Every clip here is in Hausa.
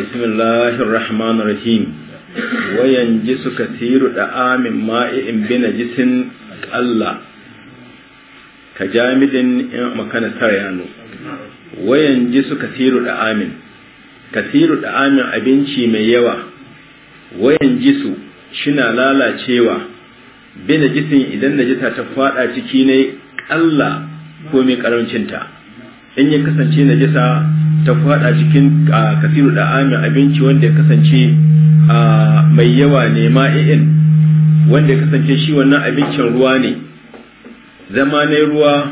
بسم الله الرحمن الرحيم وينجس كثير دعام ماء بنجس الله كجامد مكان تريانو وينجس كثير دعام كثير دعام أبنشي ميوا وينجس شنا لالا شيوا بنجس إذا نجسها تفاتا تكيني الله كومي mai karancinta in ya kasance najisa ta kwada cikin kasiru da amin abinci wanda ya kasance mai yawa ne ma'in wanda ya kasance shi wannan abincin ruwa ne zama na ruwa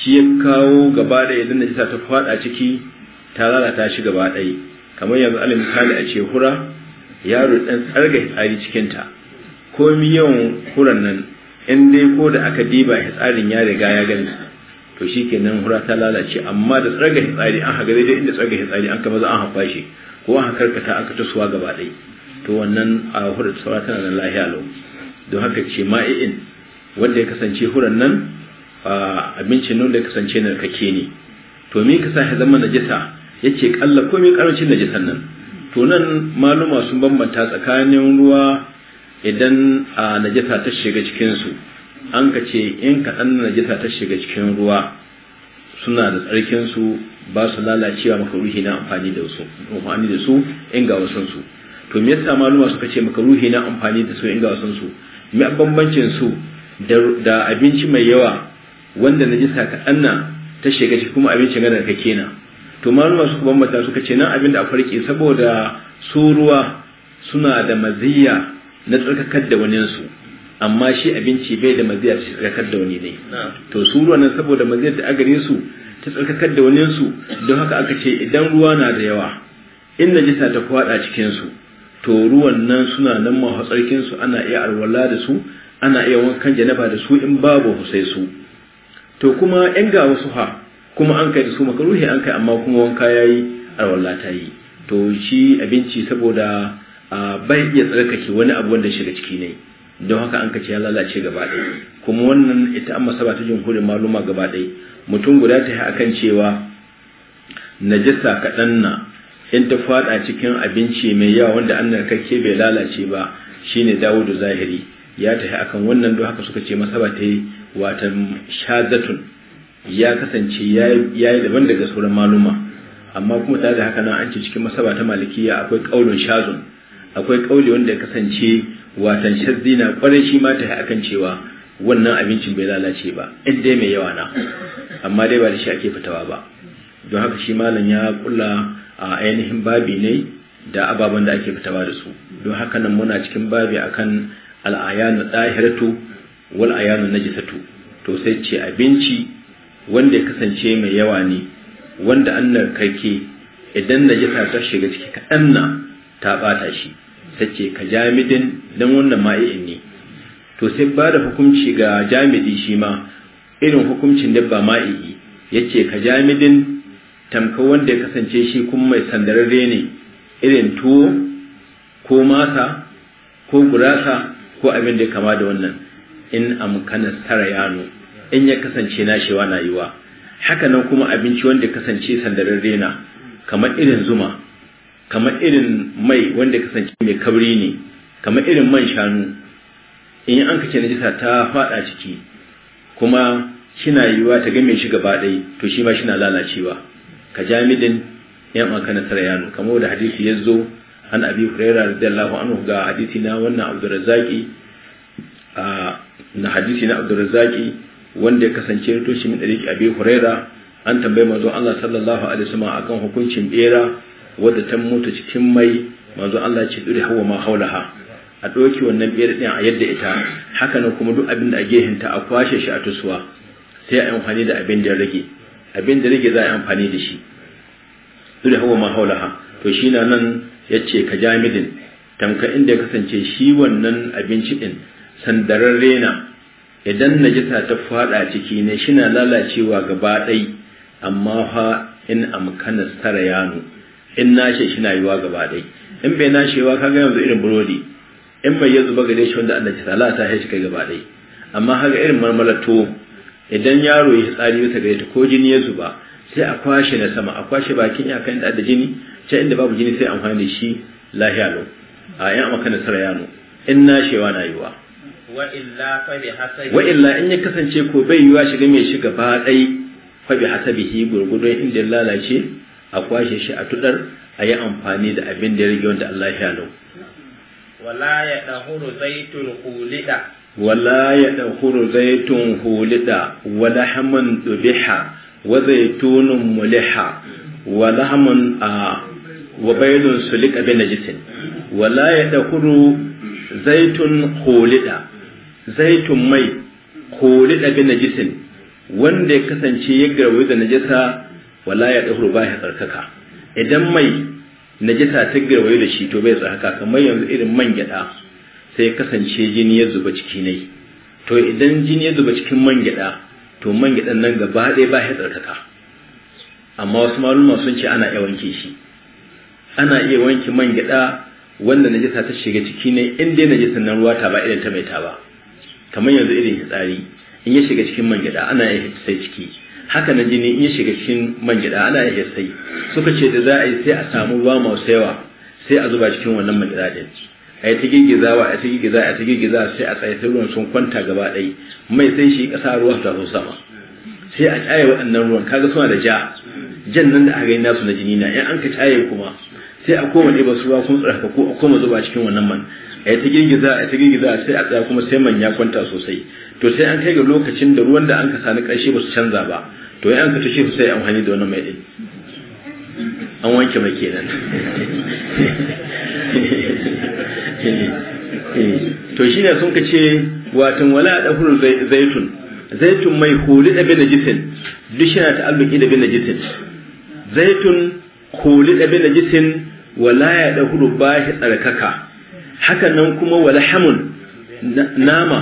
shi ya kawo gaba da yadda na ta kwada ciki ta lalata shi gaba kamar yanzu alal misali a ce hura yaro ɗan tsarga hitsari cikinta ta komi yawan huran nan in dai ko da aka diba hitsarin ya riga ya gani to shi kenan hura ta lalace amma da tsaga hitsari an haga daidai inda tsaga hitsari an kama za an hafa shi ko an karkata aka suwa gaba ɗai to wannan a hura saura tana nan lahiya lau don haka ce ma'i'in wanda ya kasance huran nan abincin nan da ya kasance kake ne to me ka sa ya zama najisa ya ce kalla ko me karancin najisan nan to nan maluma sun bambanta tsakanin ruwa idan a najisa ta shiga cikinsu an ka ce in kaɗan na jita ta shiga cikin ruwa suna da tsarkin su ba su lalacewa makaruhi na amfani da su amfani da su in ga wasan su to me yasa maluma suka ce makaruhi na amfani da su in ga wasan su me bambancin su da abinci mai yawa wanda na jita kaɗan na ta shiga ciki kuma abincin da ka kenan to maluma suka bambanta suka ce nan abin da a farke saboda su ruwa suna da maziya na tsarkakar da waninsu amma shi abinci bai da maziyar shi tsarkakar da wani ne to su ruwan nan saboda maziyar da agare su ta tsarkakar da wani su don haka aka ce idan ruwa na da yawa in najisa ta kwada cikin su to ruwan nan suna nan ma tsarkin ana iya alwala da su ana iya wankan janaba da su in babu husai su to kuma yan ga wasu ha kuma an kai da su makaruhi an kai amma kuma wanka yayi alwala ta yi to shi abinci saboda ah, bai iya tsarkake wani abu wanda shiga ciki ne don haka an kace ya lalace gaba ɗaya kuma wannan ita an masaba ta jumhurin maluma gaba ɗaya mutum guda ta yi akan cewa najasa kaɗan na in ta faɗa cikin abinci mai yawa wanda an narkakke bai lalace ba shine dawudu zahiri ya ta yi akan wannan don haka suka ce masaba ta yi watan shazatun ya kasance ya yi daban daga sauran maluma amma kuma tare da haka nan an ce cikin masaba ta malikiya akwai ƙaunin shazun akwai ƙauli wanda ya kasance watan shazzi na kwarai shi ma ta akan cewa wannan abincin bai lalace ba in dai mai yawa na amma dai ba da shi ake fitawa ba don haka shi malam ya kula a ainihin babi ne da ababen da ake fitawa da su don haka nan muna cikin babi akan al'ayanu dahiratu wal ayanu najisatu to sai ce abinci wanda ya kasance mai yawa ne wanda an narkake idan najisa ta shiga ciki kaɗan na ta ɓata shi tace ka jamidin dan wannan ma'i'in ne to sai ba da hukunci ga jamidi shi ma irin hukuncin dabba ma'i'i yace ka jamidin tamka wanda ya kasance shi kuma mai sandararre ne irin tuwo ko masa ko gurasa ko abin da kama da wannan in amkana sarayano in ya kasance nashewa na yiwa haka nan kuma abinci wanda kasance sandararre na kamar irin zuma kamar irin mai wanda kasance mai kabri ne kamar irin man shanu in an kace najisa ta fada ciki kuma kina yiwa ta game shi gaba dai to shi ma na lalacewa ka jamidin yan aka nasara yano kamar da hadisi ya zo an abi huraira radiyallahu anhu ga hadisi na wannan a na hadisi na abdurrazzaqi wanda ya kasance ya toshe min dariki abi huraira an tambaye manzo Allah sallallahu alaihi wasallam akan hukuncin bera wadda ta mutu cikin mai manzo Allah ce dure hawa ma haulaha a ɗauki wannan biyar ɗin a yadda ita haka nan kuma duk abin da a gehinta a kwashe shi a tusuwa sai a amfani da abin da rage abin da rage za a amfani da shi dure hawa ma haulaha to shi na nan ya ce ka jamidin tamka inda ya kasance shi wannan abinci din. sandararre Rena, idan najisa ta fada ciki ne shi na lalacewa gaba ɗai amma fa in amkana sarayanu in nashe shi na yiwa gaba dai in bai nashewa kaga yanzu irin burodi in bai yanzu zuba gare shi wanda Allah ya tsala ta shi kai gaba dai amma haka irin marmalato idan yaro ya tsari bisa gare ta ko jini ya zuba sai a kwashe na sama a kwashe bakin ya kan da jini ta inda babu jini sai amfani da shi lahiya lo a yan kana nasara yano in nashewa na yiwa wa illa in ya kasance ko bai yiwa shiga mai shiga ba dai fa bi hasabihi gurgudun inda lalace a kwashe shi a tudar a yi amfani da abin da ya rage wanda Allah ya lau wala ya dahuru zaitun hulida wala ya dahuru zaitun hulida wala haman dubiha wa zaitunun muliha wala haman a wa bailun sulika bin najisin wala ya dahuru zaitun hulida zaitun mai hulida bin najisin wanda ya kasance ya garwaye da najasa wala ya dahuru ba ya tsarkaka idan mai najisa ta girwaye da shi to bai tsarkaka kamar yanzu irin man gyada sai kasance jini ya zuba ciki ne to idan jini ya zuba cikin man gyada to man gyadan nan gaba ɗaya ba ya tsarkaka amma wasu maluma sun ce ana iya wanke shi ana iya wanke man gyada wanda najisa ta shiga ciki ne in dai najasa nan ruwa ta ba irin ta mai ta ba kamar yanzu irin fitsari in ya shiga cikin man gyada ana iya sai ciki haka na jini in shiga cikin man ana iya sai suka ce da za a yi sai a samu ruwa masu yawa sai a zuba cikin wannan magida a yi ta girgizawa a ta giggiza a ta giggiza sai a tsaye ta ruwan sun kwanta gaba ɗaya mai sai shi ƙasa ruwa ta zo sama sai a caye waɗannan ruwan kaga suna da ja jan nan da aka gani nasu na jini na in an ka caye kuma sai a koma ɗiba su ruwa kun tsarka ko a koma zuba cikin wannan man a yi ta girgiza a ta girgiza sai a tsaya kuma sai man ya kwanta sosai to sai an kai ga lokacin da ruwan da an ka sani ƙarshe ba su canza ba to yan ka tashi sai an hani da wannan mai ɗin an wanke mai kenan to ne sun ka ce watan wala a hurul zaitun zaitun mai huli da bin najisin duk shi na ta'alluki da bin najisin zaitun huli da bin najisin wala ya ba shi tsarkaka haka nan kuma wala hamun nama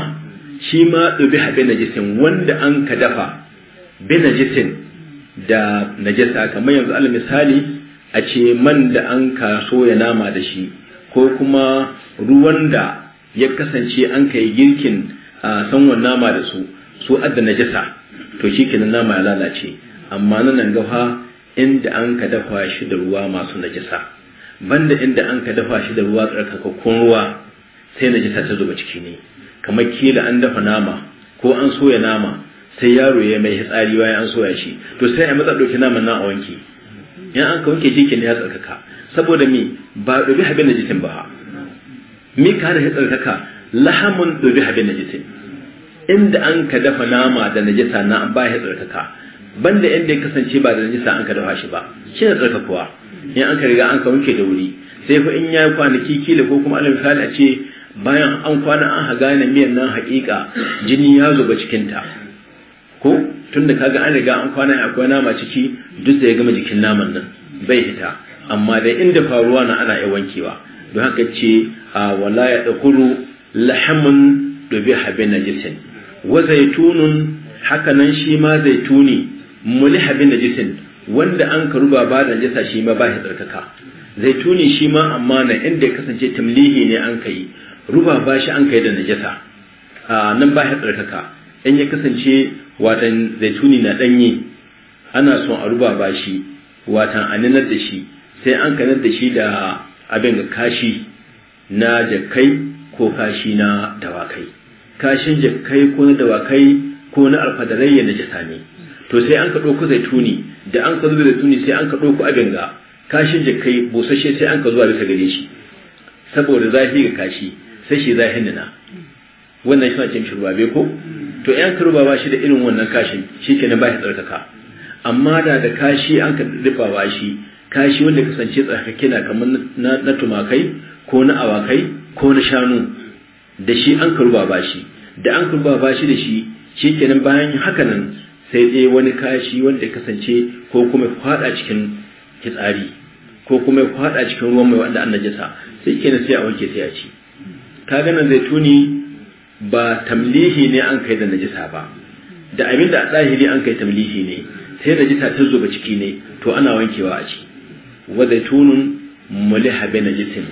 shi ma dubi na jisin wanda an ka dafa bi jisin da na jisa, kamar yanzu ala misali a ce man da an ka soya nama da shi ko kuma ruwan da ya kasance an yi girkin a sanwan nama da su su adda jisa, to shi kenan nama ya lalace amma nan gafa inda an ka dafa shi da ruwa masu jisa. banda inda an ka dafa shi da ruwa tsarkakakkun ruwa sai na jisa ta zuba ciki ne kamar kila an dafa nama ko an soya nama sai yaro ya mai hitsari bayan an soya shi to sai a matsa ɗauki naman nan a wanke in an ka wanke shi ne ya tsarkaka saboda mi ba ɗobi habin najitin ba mi ka da ya tsarkaka lahamun ɗobi habin najitin inda an ka dafa nama da najisa na ba ya tsarkaka banda inda ya kasance ba da najisa an ka dafa shi ba shi ne tsarkakuwa in an ka riga an ka wanke da wuri sai fa in ya yi kwanaki kila ko kuma alal misali a ce bayan an kwana an haga na miyan nan haƙiƙa jini ya zuba cikinta ko tun da kaga an riga an kwana akwai nama ciki duk da ya gama jikin naman nan bai hita amma da inda faruwa na ana iya wankewa don haka ce a wala ya dakuru lahamun dubi habin najisin wa zaitunun haka nan shi ma zaituni muliha bin najisin wanda an ka ruba ba da najasa shi ma ba shi tsarkaka zaituni shi ma amma na inda ya kasance tamlihi ne an kai ruba ba shi an kai da najasa nan ba shi tsarkaka in ya kasance watan zaituni na danyi ana son a ruba ba shi watan aninar da shi sai an kanar da shi da abin kashi na jakai ko kashi na dawakai kashin jakai ko na dawakai ko na alfadarai ya najasa ne to sai an ka ɗauko zaituni da an ka zuba zaituni sai an ka ɗauko abin ga kashin jikai kai busasshe sai an ka zuwa bisa gare shi saboda zafi ga kashi sai shi zahin nuna wannan shi na ce mishi rubabe ko to yan ka ruba shi da irin wannan kashin shi ke na bashi tsarkaka amma da da kashi an ka rufa ba shi kashi wanda kasance tsarkake na kamar na tumakai ko na awakai ko na shanu da shi an ka ruba shi da an ka ruba shi da shi shi kenan bayan hakanan sai dai wani kashi wanda ya kasance ko kuma fada cikin kitsari ko kuma fada cikin ruwan mai wanda annaje sa sai kenan sai a wanke sai a ci kaga nan zaituni ba tamlihi ne an kai da najisa ba da abin da a zahiri an kai tamlihi ne sai najasa ta zuba ciki ne to ana wankewa a ci wa zaitunun muliha bi najisin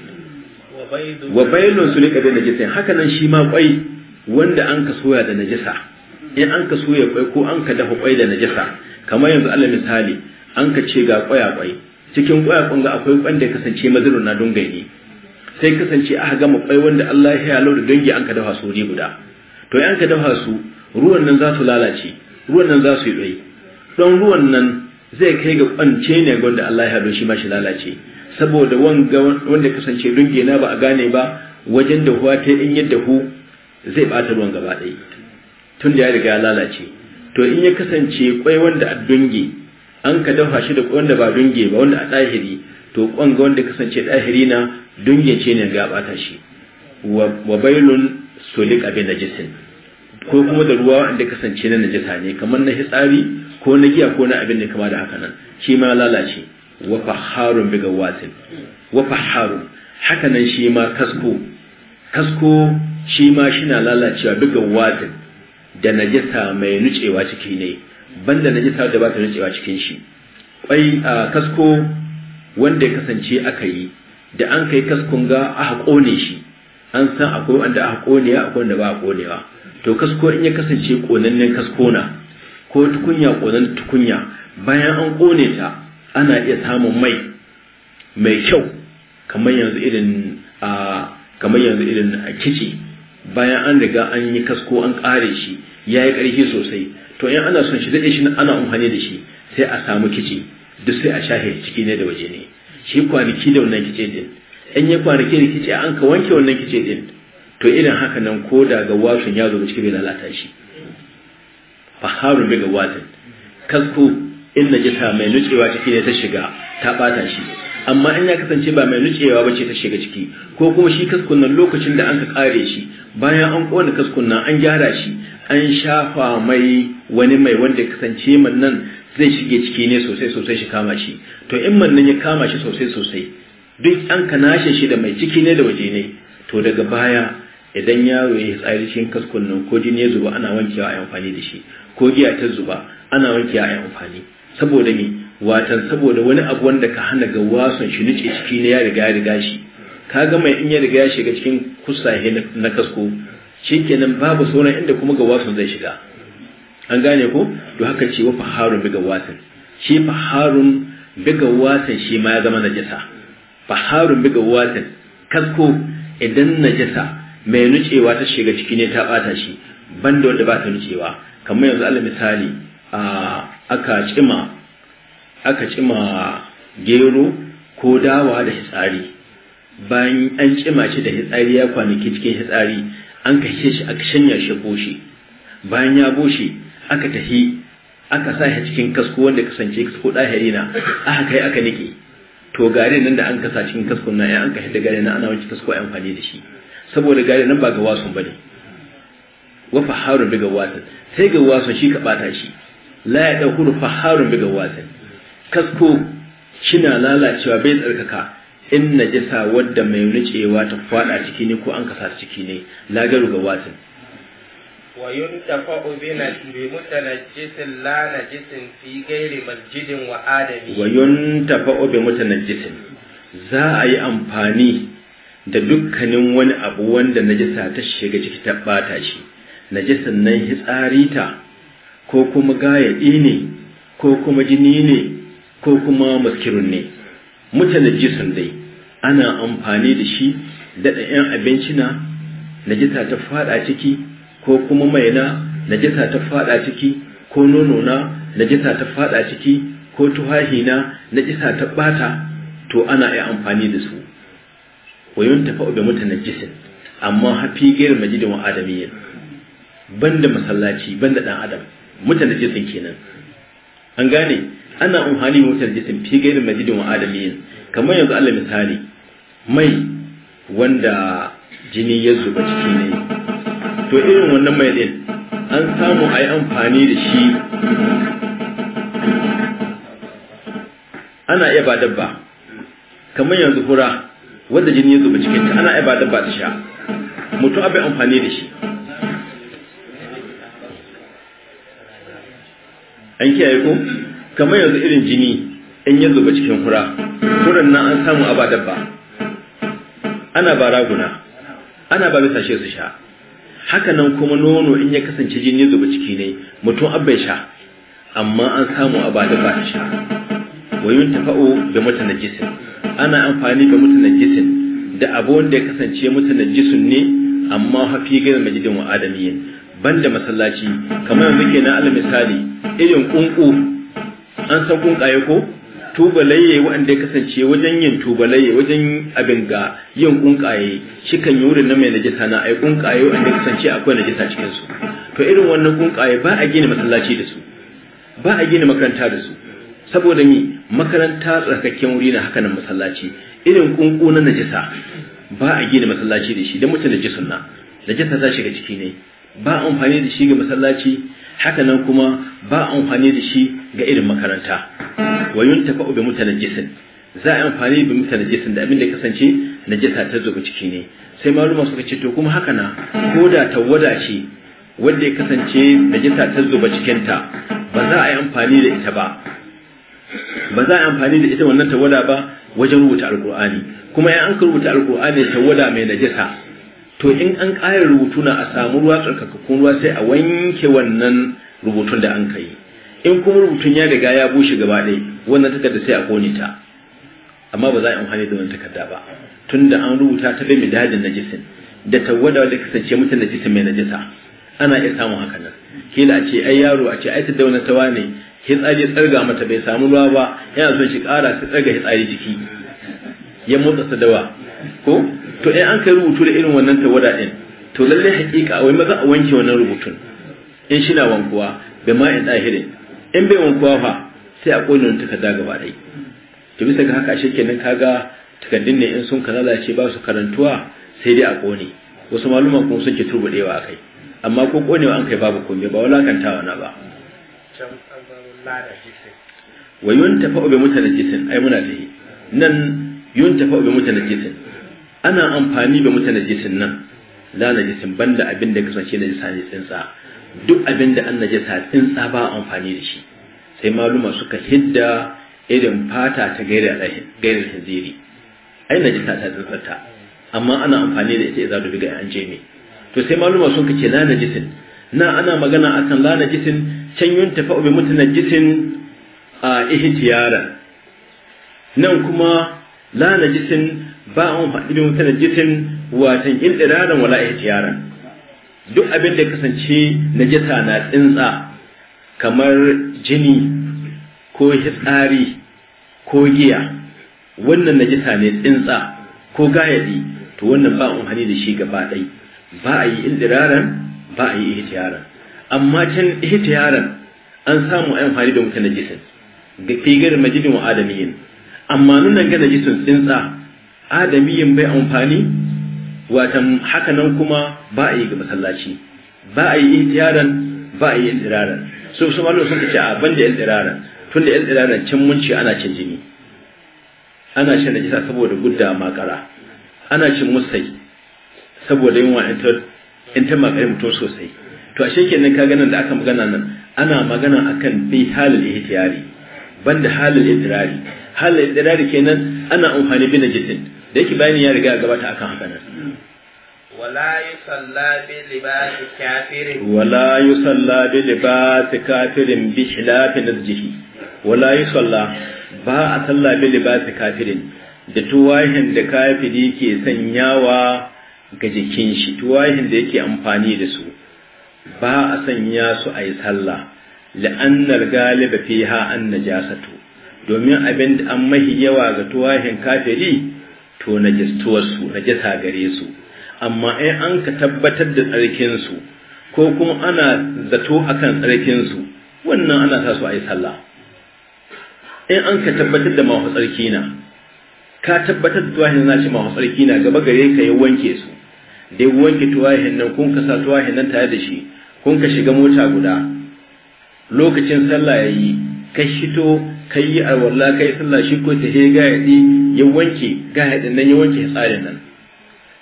wa baylun sulika bi najisin haka nan shi ma kwai wanda an ka soya da najisa in an ka soya kwai ko an ka dafa kwai da najasa kamar yanzu alal misali an ka ce ga kwaya kwai cikin kwaya kun ga akwai kwan da kasance madirun na dungai ne sai kasance aka gama kwai wanda Allah ya halau da dangi an ka dafa su ne guda to in ka dafa su ruwan nan za su lalace ruwan nan za su yi dai don ruwan nan zai kai ga kwance ne ga wanda Allah ya halau shi ma shi lalace saboda wanga wanda kasance dungi na ba a gane ba wajen da huwa ta yin yadda hu zai bata ruwan gaba ɗaya tun da ya riga lalace to in ya kasance kwai wanda a dunge an ka dafa shi da kwai wanda ba dunge ba wanda a ɗahiri to kwan ga wanda kasance ɗahiri na dunge ce ne ga bata shi wa bailun sulik abin najisin ko kuma da ruwa wanda kasance na najisa ne kamar na hitsari ko na giya ko na abin da kama da haka nan shi ma lalace wa faharun biga watin wa faharun haka nan shi ma kasko kasko shi ma shi na lalacewa biga watin da najisa mai nucewa ciki ne banda najisa da ba ta nucewa cikin shi kwai a kasko wanda ya kasance aka yi da an kai kaskon ga aka kone shi an san akwai wanda aka konewa akwai wanda ba a konewa to kasko in ya kasance konannen kasko na ko tukunya konan tukunya bayan an kone ta ana iya samun mai mai kyau kamar yanzu irin a kamar yanzu irin a kici bayan an riga an yi kasko an kare shi ya yi ƙarfi sosai to in ana son shi daɗe shi ana amfani da shi sai a samu kici duk sai a shahe ciki ne da waje ne shi kwanaki da wannan kice din in ya kwanaki da kice an ka wanke wannan kice din to irin haka nan ko da ga wasun ya zo ciki bai lalata shi faharun bai ga kasko in najisa mai nutsewa ciki ne ta shiga ta ɓata shi amma in ya kasance ba mai nucewa ba ce ta shiga ciki ko kuma shi nan lokacin da an ka kare shi bayan an kona nan an gyara shi an shafa mai wani mai wanda kasance man nan zai shige ciki ne sosai sosai shi kama shi to in man nan ya kama shi sosai sosai duk an ka nashe shi da mai ciki ne da waje ne to daga baya idan yaro ya tsari cikin nan ko jini ya zuba ana wankewa a amfani da shi ko giya ta zuba ana wankewa a amfani saboda ne watan saboda wani abu wanda ka hana ga wasan shi nike ciki ne ya riga ya riga shi ga mai in ya riga ya shiga cikin kusahe na kasko shikenan babu sauran inda kuma ga wasan zai shiga an gane ko to haka ce wa faharun biga wasan shi faharun biga wasan shi ma ya zama najasa faharun biga wasan kasko idan najasa mai nucewa ta shiga ciki ne ta bata shi banda wanda ba ta nucewa kamar yanzu alal misali a aka cima aka cima gero ko dawa da hitsari bayan an cima shi da hitsari ya kwanaki cikin hitsari an kashe shi aka shanya shi boshi bayan ya boshi aka tafi aka sa shi cikin kasko wanda kasance kasko ɗahiri na aka kai aka nike to gare nan da an kasa cikin kasko na ya an ka da gare na ana wanke kasko amfani da shi saboda gare nan ba ga wasun bane wa faharun bi ga wasan sai ga wasan shi ka bata shi la ya dauku faharun bi ga wasan kasko kina lalacewa bai tsarkaka in jisa wadda mai wucewa ta fada ciki ne ko an kasa ciki ne lagaru ga watin wa yuntafa bina bi mutanajjisin la najisin fi gairi masjidin wa adami wa yuntafa bi mutanajjisin za a yi amfani da dukkanin wani abu wanda jisa ta shiga ciki ta bata shi jisa nan hitsarita ko kuma gayadi ne ko kuma jini ne ko kuma maskirun ne mutane jisun dai ana amfani da shi daɗa 'yan abinci na najisa ta fada ciki ko kuma mai na najisa ta fada ciki ko nono na najisa ta fada ciki ko tuhahi na najisa ta bata to ana yi amfani da su wayun tafa mutane jisun? amma hafi gairar majidin wa adamiyya banda masallaci banda dan adam jisun kenan an gane ana umhani hali wutar jisim fi gairin majidin wa adaliyin kamar yanzu Allah misali mai wanda jini ya zuba ciki ne to irin wannan mai din an samu a yi amfani da shi ana iya ba dabba kamar yanzu hura wanda jini ya zuba cikin ta ana iya ba dabba ta sha mutum abin amfani da shi an kiyaye ku? kamar yanzu irin jini in ya zuba cikin hura huran nan an samu a ba dabba ana ba raguna ana ba bisa shi su sha haka nan kuma nono in ya kasance jini ya zuba ciki ne mutum abin sha amma an samu a ba dabba ta sha wayun tafa'u da mutanen jisin ana amfani da mutanen jisin da abu wanda ya kasance mutanen jisun ne amma hafi gina majidin wa adamiyin banda masallaci kamar yanzu kenan alal misali irin kunku an san kun kaye ko tubalayye wanda ya kasance wajen yin tubalayye wajen abin ga yin kaye shi kan yi wurin na mai najisa na ai kaye wanda ya kasance akwai najisa cikin su to irin wannan kunkaye ba a gina masallaci da su ba a gina makaranta da su saboda ni makaranta tsarkaken wuri na haka nan masallaci irin kunku na najisa ba a gina masallaci da shi dan mutum najisun na najisa ta shiga ciki ne ba amfani da shi ga masallaci haka nan kuma ba amfani da shi ga irin makaranta wa da bi mutanajjisin za a amfani bi mutanajjisin da abin da kasance najasa ta zuba ciki ne sai maluma suka ce to kuma haka na ko da tawada ce wanda ya kasance najasa ta zuba cikin ba za a yi amfani da ita ba ba za a yi amfani da ita wannan tawada ba wajen rubuta alkur'ani kuma ya an rubuta alkur'ani tawada mai najasa to in an ƙara na a samu ruwa tsarkakakkun ruwa sai a wanke wannan rubutun da an kai in kuma rubutun ya riga ya bushe gaba ɗaya wannan takarda sai a kone ta amma ba za a yi amfani da wannan takarda ba Tunda an rubuta ta bai midadin najisin da tawwada da kasance mutum najisin mai najisa ana iya samun haka nan kila a ce ai yaro a ce ai ta dauna ta wane hitsari tsarga mata bai samu ruwa ba yana son shi ƙara su tsarga hitsari jiki ya motsa ta dawa ko to in an kai rubutu da irin wannan tawada din to lalle hakika wai maza a wanke wannan rubutun in shi na wankuwa bai ma in dahirin in bai wankuwa fa sai a kone wani takarda gaba dai to bisa ga haka nan kaga takardun ne in sun ka shi ba su karantuwa sai dai a kone wasu maluma kuma suke turbudewa akai amma ko konewa an kai babu komai ba walakantawa na ba wa yun bi mutanajjisin ai muna tahi nan yun bi mutanajjisin ana amfani da mutane jisin nan la jisin banda abin da kasance na jisa ne tsinsa duk abin da an jisa tsinsa ba amfani da shi sai maluma suka hidda irin fata ta gairar hanziri ai jisa ta tsinsarta, amma ana amfani da ita za zaɗu biga an jemi to sai maluma sun kace la jisin, na ana magana akan la jisin can yun tafa bi mutane jisin a ihtiyara nan kuma la jisin. ba an faɗi wata mutane jitin watan ɗiraren wala yaran. duk abin da kasance jita na tsintsa kamar jini ko hitsari ko giya wannan na jita ne tsintsa ko gayadi to wannan ba amfani da shi gaba ɗai ba a yi ɗiraren, ba a yi yaran. amma can yaran, an samu amfani da mutane jitin ga figar majidin wa adamiyin amma nuna ga najisin tsintsa adamiyin bai amfani watan nan kuma ba a yi ga masallaci ba a yi ihtiyaran ba a yi iltiraran so su malo sun ce a ban da iltiraran tun da iltiraran cin munci ana cin jini ana cin najisa saboda gudda makara ana cin musai saboda yin wa in ta makare mutum sosai to ashe kenan ka ganin da aka magana nan ana magana akan bi halil ihtiyari banda halil idrari halil idrari kenan ana amfani bi najidin da yake bayani ya riga gabata akan haka nan wala yusalla bi libasi kafirin wala yusalla bi libasi kafirin bi wala yusalla ba a salla bi libasi kafirin da tuwahin da kafiri ke sanyawa ga jikin shi tuwahin da yake amfani da su ba a sanya su a yi sallah la'annar galiba fiha an najasatu domin abin da an mahi yawa ga tuwahin kafiri to najistuwarsu najasa gare su amma in an ka tabbatar da tsarkinsu ko kuma ana zato akan tsarkinsu wannan ana sa su a yi sallah in an ka tabbatar da mahu tsarki na ka tabbatar da tuwahin na shi mahu tsarki na gaba gare ka ya wanke su da ya wanke tuwahin nan kun ka sa tuwahin nan tare da shi kun ka shiga mota guda lokacin sallah ya yi ka shito kai yi walla kai sallah shi ko ta he yadi ya wanke yadi nan ya wanke tsarin nan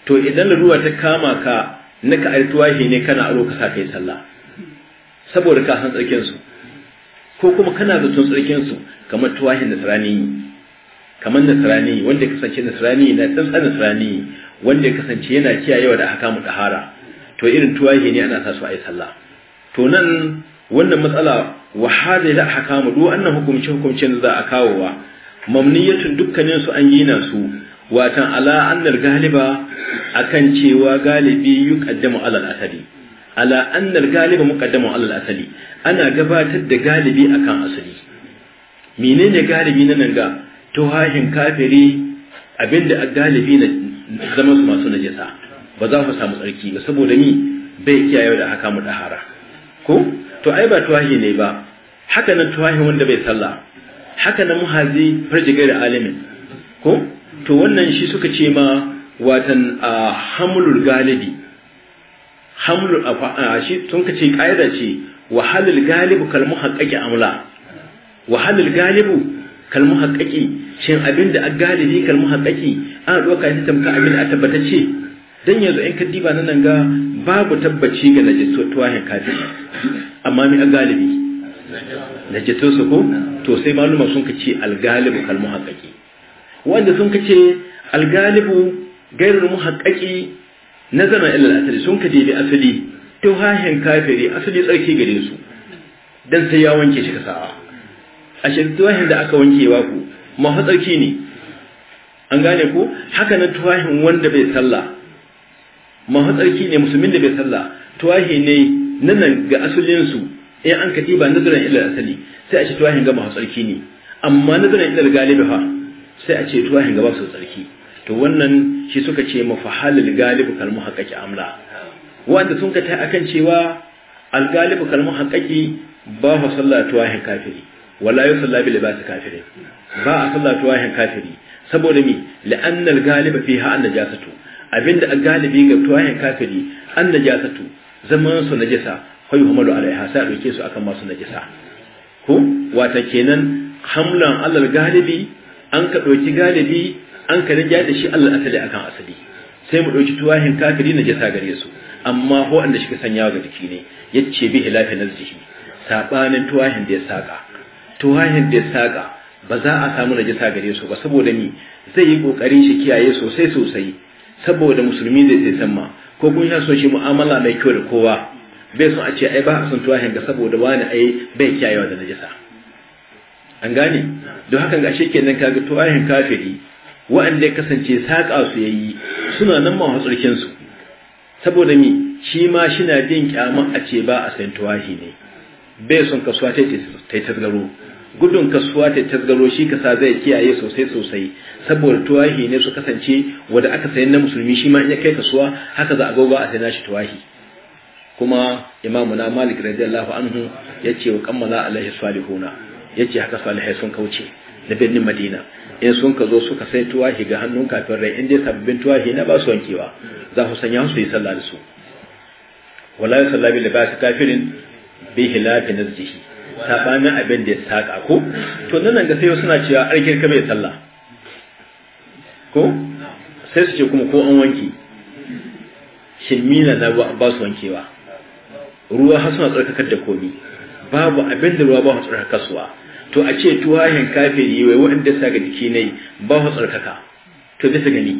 to idan ruwa ta kama ka naka ka artuwa shi ne kana aro ka sa kai sallah saboda ka san tsarkin su ko kuma kana zaton tsarkin su kamar tuwahin nasrani kamar nasrani wanda ya kasance nasrani na tsantsa nasrani wanda ya kasance yana kiyayewa da ahkamu tahara to irin tuwahi ne ana sa su a yi sallah to nan wannan matsala wa hadhihi la hakamu duk wannan hukunci hukumcin za a kawowa mamniyatun dukkanin su an yina su watan ala annal galiba akan cewa galibi yuqaddamu ala al-asali ala annal galiba muqaddamu ala al-asali ana gabatar da galibi akan asali menene galibi na nan ga tuhahin kafiri abinda a galibi na zama su masu najasa ba za ku samu tsarki ba saboda ni bai kiyaye da haka dahara ko to ai ba tuwahi ne ba haka nan tuwahi wanda bai sallah haka nan muhazi farji da alimin ko to wannan shi suka ce ma watan a hamlul galibi hamlul shi sun ka ce ƙa'ida ce wahalul galibu kalmu haƙaƙi amla wahalul galibu kal muhaqqaqi shin abinda a galibi kalmu haƙaƙi an doka shi tamka abin a tabbatace, dan yanzu in ka diba nan ga babu tabbaci ga najis tuwahin kafin amma mai galibi da ke tosa ko to sai maluma sun ka ce algalibu kalmu haƙaƙi wanda sun ka ce algalibu gairar mu haƙaƙi na zama ilal asali sun ka je asali tauhahin kafiri asali tsarki gare su dan sai ya wanke shi kasawa a shirtuwahin da aka wanke wa ku tsarki ne an gane ku haka na tuwahin wanda bai sallah tsarki ne musulmin da bai sallah tuwahi ne nan ga asalin su in an ka ba nazarin ilal asali sai a ce tuwahin ga masu tsarki ne amma nazarin ilal galibi ha sai a ce tuwahin ga ba su tsarki to wannan shi suka ce mafahalil galibu kalmu haƙaƙi amla wanda sun ka ta akan cewa algalibu kalmu haƙaƙi ba fa sallah tuwahin kafiri wala yi sallah bi libasi kafiri ba a sallah tuwahin kafiri saboda mi la'annal galiba fiha an najasatu abinda a galibi ga tuwahin kafiri an najasatu zaman su jisa fa yuhmalu alaiha sai dauke su akan masu na jisa ko wata kenan hamlan alal galibi an ka galibi an ka rija da shi allah asali akan asali sai mu ɗauki tuwahin kafiri na jisa gare su amma ko anda shi ka sanya ga jiki ne yace bi hilafi nazdihi sabanin tuwahin da ya saka tuwahin da ya saka ba za a samu na jisa gare su ba saboda ni zai yi ƙoƙarin shi kiyaye sosai sosai saboda musulmi zai sai ko kun yana son shi mu'amala mai kyau da kowa bai son a ce ai ba a son tuwahin ga saboda wani ai bai kiyayewa da najasa an gane don hakan ga kenan kaga tuwahin kafiri wa'anda ya kasance saƙa su yayi suna nan ma hatsurkin su saboda mi shi ma shi na jin kyamun a ce ba a san tuwahi ne bai son kasuwa ta yi tasgaro gudun kasuwa ta tasgaro shi kasa zai kiyaye sosai sosai saboda tuwahi ne su kasance wanda aka sayi na musulmi shi ma in ya kai kasuwa haka za a gogo a sayi nashi tuwahi kuma imamu na malik radiyallahu anhu ya ce wa kammala alaihi salihuna ya ce haka salihai sun kauce da birnin madina in sun ka zo suka sai tuwahi ga hannun kafin rai in dai sababbin tuwahi na ba su wankewa za su sanya su yi sallah da su wala yusalla bi libasi kafirin bi hilafi nazjihi sabanin abin da ya saka ko to nan ga sai suna cewa arkirka bai sallah ko sai su ce kuma ko an wanke shilmila na ba su wankewa ruwa har suna tsarkakar da komi babu abin da ruwa ba su tsarkakar suwa to a ce tuwahin kafiri wai waɗanda sa ga jiki ne ba su tsarkaka to bisa gani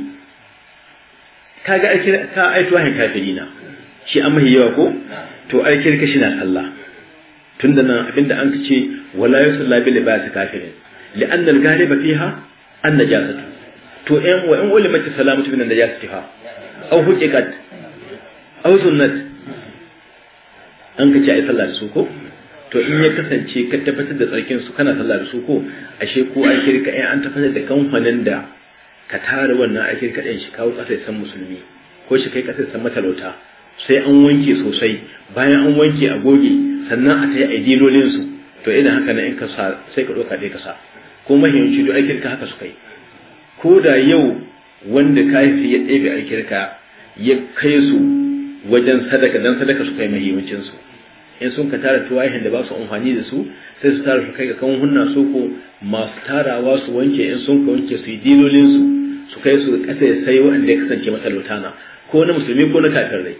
ka ga ka ai tuwahin kafiri shi an yawa ko to ai kirka shi na sallah tunda nan abinda an ce wala yusalla bil libas kafirin li'an al ghaliba fiha an najasatu to in wa in ulimat salamatu min najasati fa aw huqiqat aw sunnat an ka ce ai sallar su ko to in ya kasance ka tabbatar da tsarkin su kana sallah da su ko ashe ko an kirka ai an tabbatar da kamfanin da ka tare wannan aikin kaɗan shi kawo ƙasa san musulmi ko shi kai ƙasa san matalauta sai an wanke sosai bayan an wanke a goge sannan a tayi aidilolin su to idan haka na in ka sa sai ka doka dai ka sa ko mahimmanci duk aikin ka haka suka yi ko da yau wanda kafi ya ɗebe aikin ka ya kai su wajen sadaka dan sadaka su kai mahimmancin su in sun ka tara tuwahin da ba su amfani da su sai su tara su kai ga kan hunna su ko masu tarawa su wanke in sun ka wanke su yi dilolin su su kai su ƙasa ya sai waɗanda ya kasance matalauta na ko na musulmi ko na kafirai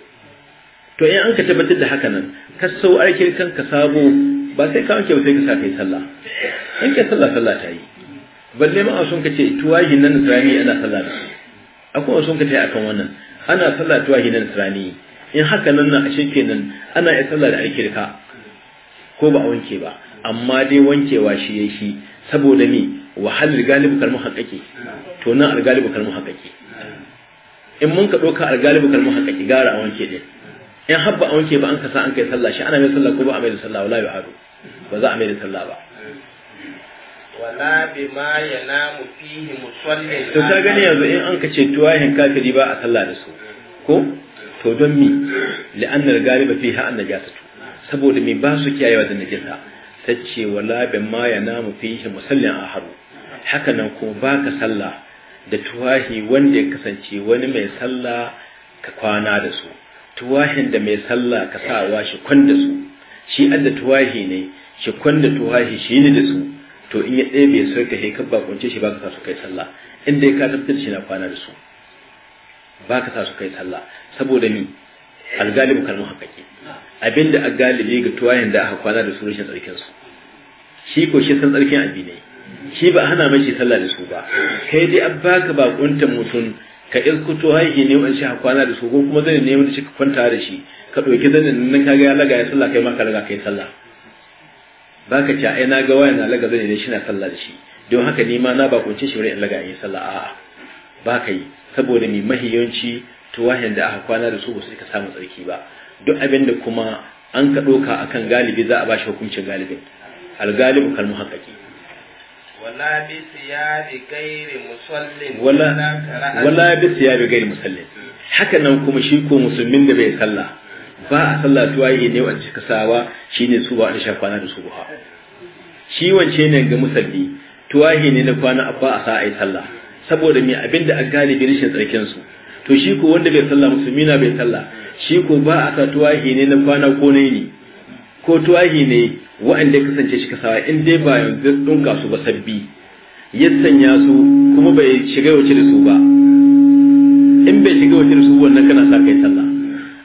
to in an ka tabbatar da haka nan ka sau aikin ka sabo ba sai ka wanke ba sai ka sa kai sallah in ka sallah sallah ta yi balle ma sun ka ce tuwahi nan tsirani ana sallah da akwai sun ka ta yi akan wannan ana sallah tuwahi nan tsirani in haka nan na ashe kenan ana iya sallah da ka ko ba a wanke ba amma dai wankewa shi ya shi saboda me wahalar galibu kalmu haƙaƙe, to nan algalibu kalmu haƙaƙe. in mun ka ɗauka algalibu kalmu haƙaƙe, gara a wanke din. in habba a wanke ba an kasa an kai sallah shi ana mai sallah ko ba a mai sallah wala yu'adu ba za a mai sallah ba wala ma yanamu fihi musallin to ka gani yanzu in an kace tuwahin kafiri ba a sallah da su ko to don mi al galiba fiha an najasatu saboda mi ba su kiyayewa da najasa tace wala ma yanamu fihi musallin ahad haka nan ko ba ka sallah da tuwahi wanda ya kasance wani mai sallah ka kwana da su tuwahin da mai sallah ka sawa shi kwanda su shi adda tuwahi ne shi kwanda tuwahi shi ne da su to in ya ɗaya bai sauka he ka bakunce shi baka sa su kai sallah inda ya ka tabbatar shi na kwana da su ba sa su kai sallah saboda ni algalibu kalmu haƙaƙi abinda a galibi ga tuwahin da aka kwana da su rashin tsarkin su shi ko shi san tsarkin abi ne shi ba hana mashi sallah da su ba kai dai an baka bakunta mutum ka iskuto haihi ne wani shi kwana da su ko kuma zai nemi da shi kwanta da shi ka ɗauki zanen nan ka ga ya laga ya sallah kai ma ka laga kai sallah ba ka ce ai na ga waya na laga zanen ne shi na sallah da shi don haka ni ma na ba kunce shi wurin in laga yin sallah a'a ba ka yi saboda mai mahiyanci wahin da aka kwana da su ba su ka samu tsarki ba duk abin da kuma an ka ɗauka akan galibi za a ba shi hukuncin galibin galibu kalmu haƙaƙi wala bi siyabi gairi musallin wala bi siyabi gairi musallin haka nan kuma shi ko musulmin da bai sallah ba a sallah tuwaye ne wanda cika sawa shine su ba a sha kwana da su ba shi wance ne ga musalli tuwaye ne na kwana abba a sa ai sallah saboda me abinda a galibi rashin tsarkin su to shi ko wanda bai sallah musulmi na bai sallah shi ko ba a sa tuwaye ne na kwana ko ne ko tuwahi ne wa'anda ya kasance shi kasawa in dai ba yanzu ɗunka su ba sabbi ya sanya su kuma bai shiga wuce da su ba in bai shiga wuce da su wannan kana sa kai sallah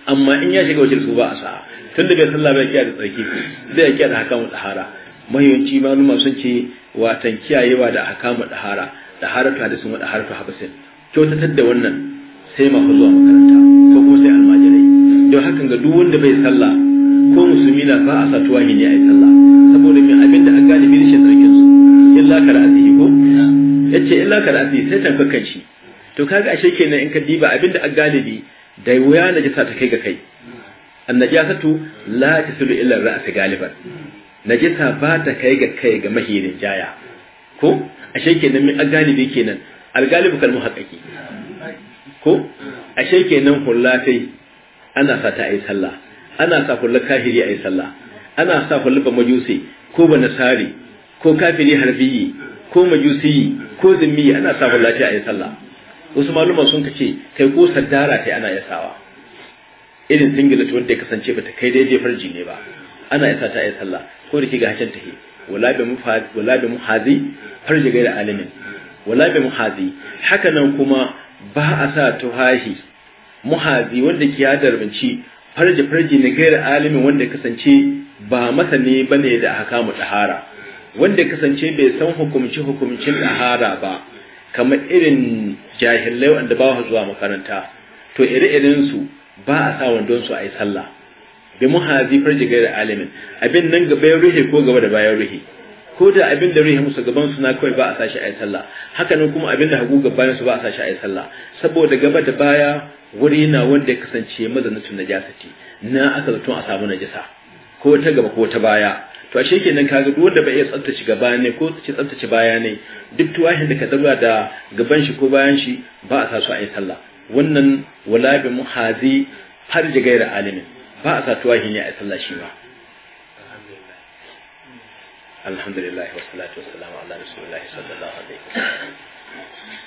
amma in ya shiga wuce da su ba a sa tun da bai sallah bai kiyaye da tsarki zai kiyaye da hakamu tsahara mahimmanci maluma sun ce watan kiyayewa da hakamu tsahara da haratu hadisin wa da ta habasin kyautatar da wannan sai mafi zuwa makaranta ko kuma sai almajirai don hakan ga duk wanda bai sallah ko musulmi na ba a satuwa ne a yi sallah saboda mai abin da an gane bin shi tsarkin su illa kar asihi ko yace illa kar asihi sai ta kakan shi to kaga ashe kenan in ka diba abin da an galibi da wuya na jisa ta kai ga kai an najasatu la tasilu illa galibar, galiban najisa ba ta kai ga kai ga mahirin jaya ko ashe kenan min agalibi kenan al-galibu kal muhaqqiqi ko ashe kenan hullatai ana a ayi sallah ana sa kullu kafiri a sallah ana sa kullu ba majusi ko ba nasari ko kafiri harfiyi ko majusi ko zimmi ana sa kullu ta a sallah wasu maluma sun ka ce kai ko saddara kai ana yasawa irin singlet wanda ya kasance bata kai daidai farji ne ba ana yasa ta a sallah ko da ke ga hacin tahi wala bi muhazi farji gaira alimin wala bi muhazi haka nan kuma ba a sa tuhahi muhazi wanda ke ya farji farji na gaira alimin wanda kasance ba masani bane da mu ɗahara, wanda kasance bai san hukumci hukumcin ɗahara ba kamar irin jahilai wanda ba zuwa makaranta to ire-iren su ba a sa wandon su a yi sallah bi muhazi farji gaira alimin abin nan gaba ya ruhe ko gaba da bayan ruhe ko da abin da rihe musu gaban suna kawai ba a sashi a sallah haka nan kuma abin da hagu gaban su ba a sashi a sallah saboda gaba da baya wuri na wanda ya kasance mazanatun najasati na aka zato a samu najasa ko ta gaba ko ta baya to ashe kenan kaga duk wanda ba iya tsantace gaba ne ko ce tsantace baya ne duk tuwahin da ka daga da gaban shi ko bayan shi ba a sa su sallah wannan wala bi muhazi har gaira alimin ba a sa tuwahin ya yi sallah shi ba الحمد لله والصلاة والسلام على رسول الله صلى الله عليه وسلم